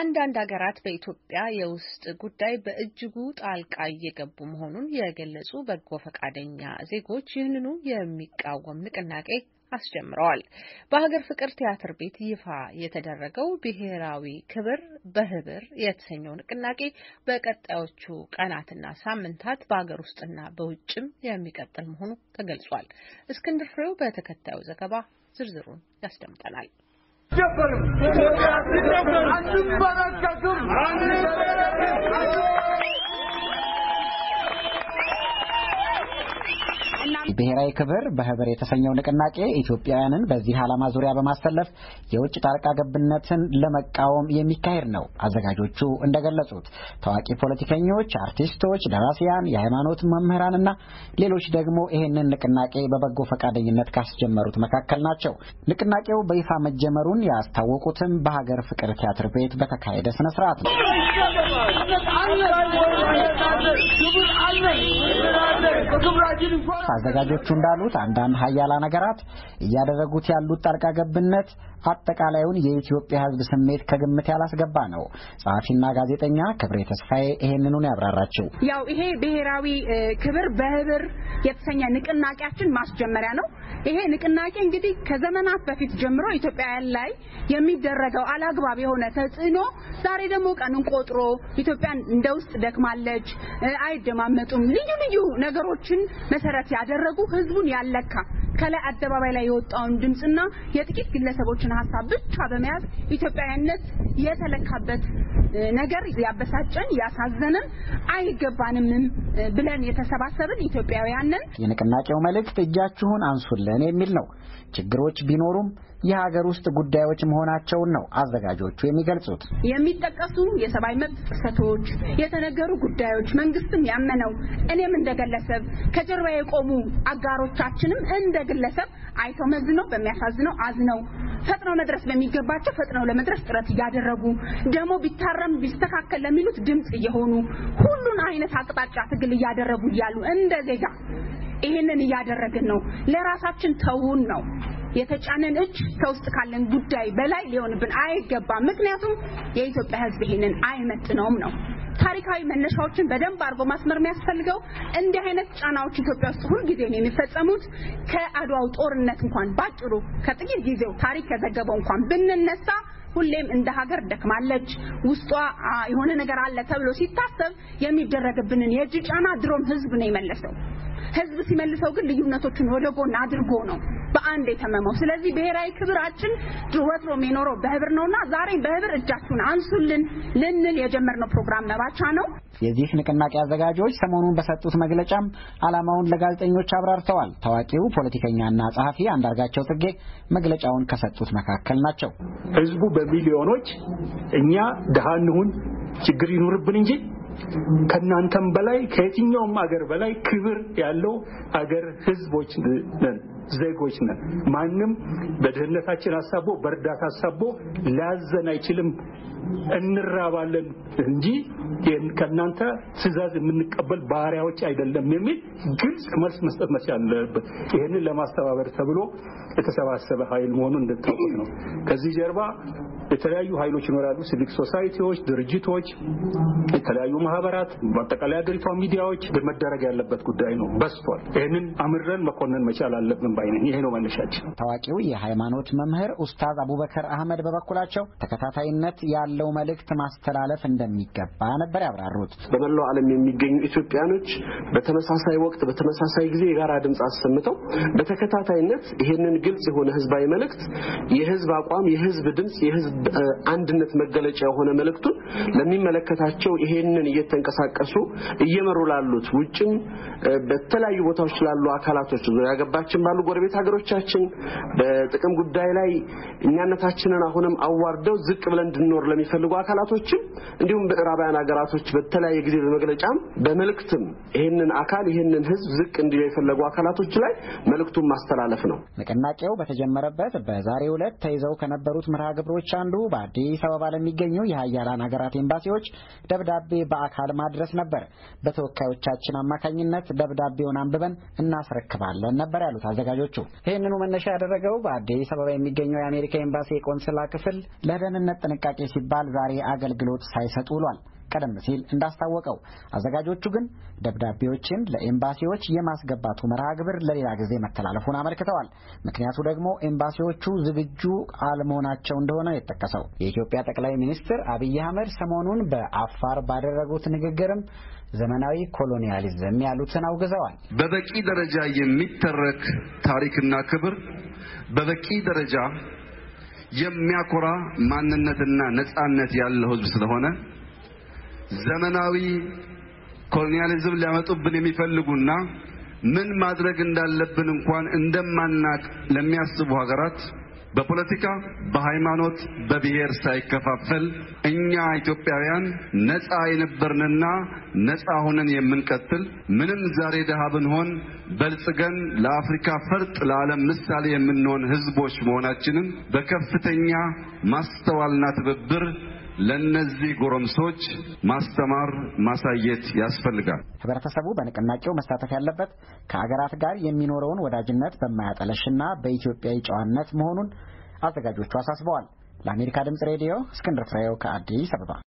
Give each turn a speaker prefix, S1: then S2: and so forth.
S1: አንዳንድ ሀገራት በኢትዮጵያ የውስጥ ጉዳይ በእጅጉ ጣልቃ እየገቡ መሆኑን የገለጹ በጎ ፈቃደኛ ዜጎች ይህንኑ የሚቃወም ንቅናቄ አስጀምረዋል። በሀገር ፍቅር ቲያትር ቤት ይፋ የተደረገው ብሔራዊ ክብር በህብር የተሰኘው ንቅናቄ በቀጣዮቹ ቀናትና ሳምንታት በሀገር ውስጥና በውጭም የሚቀጥል መሆኑ ተገልጿል። እስክንድር ፍሬው በተከታዩ ዘገባ ዝርዝሩን ያስደምጠናል።
S2: ለሰብአዊ ክብር በህብር የተሰኘው ንቅናቄ ኢትዮጵያውያንን በዚህ ዓላማ ዙሪያ በማሰለፍ የውጭ ጣልቃ ገብነትን ለመቃወም የሚካሄድ ነው። አዘጋጆቹ እንደገለጹት ታዋቂ ፖለቲከኞች፣ አርቲስቶች፣ ደራሲያን፣ የሃይማኖት መምህራንና ሌሎች ደግሞ ይህንን ንቅናቄ በበጎ ፈቃደኝነት ካስጀመሩት መካከል ናቸው። ንቅናቄው በይፋ መጀመሩን ያስታወቁትም በሀገር ፍቅር ቲያትር ቤት በተካሄደ ስነስርዓት ነው። አዘጋጆቹ እንዳሉት አንዳንድ ሀያላ ነገራት እያደረጉት ያሉት ጣልቃ ገብነት አጠቃላዩን የኢትዮጵያ ሕዝብ ስሜት ከግምት ያላስገባ ነው። ጸሐፊና ጋዜጠኛ ክብሬ ተስፋዬ ይህንኑን ያብራራችው
S1: ያው ይሄ ብሔራዊ ክብር በህብር የተሰኘ ንቅናቄያችን ማስጀመሪያ ነው። ይሄ ንቅናቄ እንግዲህ ከዘመናት በፊት ጀምሮ ኢትዮጵያውያን ላይ የሚደረገው አላግባብ የሆነ ተጽዕኖ ዛሬ ደግሞ ቀኑን ቆጥሮ ኢትዮጵያን እንደ ውስጥ ደክማለች፣ አይደማመጡም፣ ልዩ ልዩ ነገሮችን መሰረት ያደረጉ ህዝቡን ያለካ ከላይ አደባባይ ላይ የወጣውን ድምጽና የጥቂት ግለሰቦችን ሀሳብ ብቻ በመያዝ ኢትዮጵያዊነት የተለካበት ነገር ያበሳጨን ያሳዘነን አይገባንምም ብለን የተሰባሰብን ኢትዮጵያውያንን
S2: የንቅናቄው መልእክት እጃችሁን አንሱልን የሚል ነው። ችግሮች ቢኖሩም የሀገር ውስጥ ጉዳዮች መሆናቸውን ነው አዘጋጆቹ የሚገልጹት።
S1: የሚጠቀሱ የሰብአዊ መብት ጥሰቶች፣ የተነገሩ ጉዳዮች መንግስትም ያመነው እኔም እንደ ግለሰብ ከጀርባ የቆሙ አጋሮቻችንም እንደ ግለሰብ አይተው መዝነው በሚያሳዝነው አዝነው ፈጥነው መድረስ በሚገባቸው ፈጥነው ለመድረስ ጥረት እያደረጉ ደግሞ ቢታረም ቢስተካከል ለሚሉት ድምፅ እየሆኑ ሁሉን አይነት አቅጣጫ ትግል እያደረጉ እያሉ እንደ ዜጋ ይህንን እያደረግን ነው። ለራሳችን ተውን ነው የተጫነን እጅ ከውስጥ ካለን ጉዳይ በላይ ሊሆንብን አይገባም። ምክንያቱም የኢትዮጵያ ሕዝብ ይሄንን አይመጥነውም ነው። ታሪካዊ መነሻዎችን በደንብ አድርጎ ማስመር የሚያስፈልገው እንዲህ አይነት ጫናዎች ኢትዮጵያ ውስጥ ጊዜ ነው የሚፈጸሙት። ከአድዋው ጦርነት እንኳን ባጭሩ ከጥቂት ጊዜው ታሪክ ከዘገበው እንኳን ብንነሳ ሁሌም እንደ ሀገር ደክማለች፣ ውስጧ የሆነ ነገር አለ ተብሎ ሲታሰብ የሚደረግብንን የእጅ ጫና ድሮም ህዝብ ነው የመለሰው። ህዝብ ሲመልሰው ግን ልዩነቶችን ወደ ጎን አድርጎ ነው በአንድ የተመመው። ስለዚህ ብሔራዊ ክብራችን ወትሮ የሚኖረው በህብር ነውና ዛሬ በህብር እጃችሁን አንሱልን ልንል የጀመርነው ፕሮግራም መባቻ ነው።
S2: የዚህ ንቅናቄ አዘጋጆች ሰሞኑን በሰጡት መግለጫም ዓላማውን ለጋዜጠኞች አብራርተዋል። ታዋቂው ፖለቲከኛና ጸሐፊ አንዳርጋቸው ጽጌ መግለጫውን ከሰጡት መካከል ናቸው።
S1: ህዝቡ በሚሊዮኖች እኛ ድሃ እንሁን ችግር ይኑርብን እንጂ ከእናንተም በላይ ከየትኛውም አገር በላይ ክብር ያለው አገር ህዝቦች ነን። ዜጎች ነን። ማንም በድህነታችን አሳቦ በእርዳታ አሳቦ ሊያዘን አይችልም። እንራባለን እንጂ ከእናንተ ትዕዛዝ የምንቀበል ባህሪያዎች አይደለም የሚል ግልጽ መልስ መስጠት መቻል አለበት። ይህንን ለማስተባበር ተብሎ የተሰባሰበ ኃይል መሆኑን እንድታውቁት ነው። ከዚህ ጀርባ የተለያዩ ኃይሎች ይኖራሉ። ሲቪክ ሶሳይቲዎች፣ ድርጅቶች፣ የተለያዩ ማህበራት፣ በአጠቃላይ ሀገሪቷ ሚዲያዎች መደረግ ያለበት ጉዳይ ነው። በስቷል። ይህንን አምረን መኮንን መቻል አለብን ባይነኝ። ይሄ ነው መነሻችን።
S2: ታዋቂው የሃይማኖት መምህር ኡስታዝ አቡበከር አህመድ በበኩላቸው ተከታታይነት ያለው መልእክት ማስተላለፍ እንደሚገባ ነበር ያብራሩት።
S1: በመላው ዓለም የሚገኙ ኢትዮጵያኖች
S2: በተመሳሳይ ወቅት በተመሳሳይ ጊዜ የጋራ ድምፅ አሰምተው በተከታታይነት ይህንን ግልጽ የሆነ ህዝባዊ መልእክት የህዝብ አቋም፣ የህዝብ ድምፅ፣ የህዝብ አንድነት መገለጫ የሆነ መልእክቱን ለሚመለከታቸው ይሄንን እየተንቀሳቀሱ እየመሩ ላሉት
S1: ውጭም በተለያዩ ቦታዎች ላሉ አካላቶች ዙሪያ ገባችን ባሉ ጎረቤት ሀገሮቻችን
S2: በጥቅም ጉዳይ ላይ እኛነታችንን አሁንም አዋርደው ዝቅ ብለን እንድንኖር ለሚፈልጉ አካላቶችም እንዲሁም ምዕራባውያን ሀገራቶች በተለያየ ጊዜ በመግለጫም በመልእክትም ይህንን አካል ይህንን ህዝብ ዝቅ እንዲሉ የፈለጉ አካላቶች ላይ መልእክቱን ማስተላለፍ ነው። ንቅናቄው በተጀመረበት በዛሬው ዕለት ተይዘው ከነበሩት መርሃ ግብሮች አንዱ በአዲስ አበባ ለሚገኙ የሀያላን ሀገራት ኤምባሲዎች ደብዳቤ በአካል ማድረስ ነበር። በተወካዮቻችን አማካኝነት ደብዳቤውን አንብበን እናስረክባለን ነበር ያሉት አዘጋጆቹ። ይህንኑ መነሻ ያደረገው በአዲስ አበባ የሚገኘው የአሜሪካ ኤምባሲ የቆንስላ ክፍል ለደህንነት ጥንቃቄ ሲባል ዛሬ አገልግሎት ሳይሰጥ ውሏል። ቀደም ሲል እንዳስታወቀው። አዘጋጆቹ ግን ደብዳቤዎችን ለኤምባሲዎች የማስገባቱ መርሃ ግብር ለሌላ ጊዜ መተላለፉን አመልክተዋል። ምክንያቱ ደግሞ ኤምባሲዎቹ ዝግጁ አለመሆናቸው እንደሆነ የጠቀሰው የኢትዮጵያ ጠቅላይ ሚኒስትር አብይ አህመድ ሰሞኑን በአፋር ባደረጉት ንግግርም ዘመናዊ ኮሎኒያሊዝም ያሉትን አውግዘዋል።
S1: በበቂ ደረጃ የሚተረክ ታሪክና ክብር፣ በበቂ ደረጃ የሚያኮራ ማንነትና ነጻነት ያለው ሕዝብ ስለሆነ ዘመናዊ ኮሎኒያሊዝም ሊያመጡብን የሚፈልጉና ምን ማድረግ እንዳለብን እንኳን እንደማናቅ ለሚያስቡ ሀገራት በፖለቲካ፣ በሃይማኖት፣ በብሔር ሳይከፋፈል እኛ ኢትዮጵያውያን ነፃ የነበርንና ነፃ ሆነን የምንቀጥል ምንም ዛሬ ድሃ ብንሆን በልጽገን ለአፍሪካ ፈርጥ ለዓለም ምሳሌ የምንሆን ህዝቦች መሆናችንን በከፍተኛ ማስተዋልና ትብብር ለነዚህ ጎረምሶች ማስተማር ማሳየት ያስፈልጋል።
S2: ህብረተሰቡ በንቅናቄው መሳተፍ ያለበት ከሀገራት ጋር የሚኖረውን ወዳጅነት በማያጠለሽና በኢትዮጵያዊ ጨዋነት መሆኑን አዘጋጆቹ አሳስበዋል። ለአሜሪካ ድምጽ ሬዲዮ እስክንድር ፍሬው ከአዲስ አበባ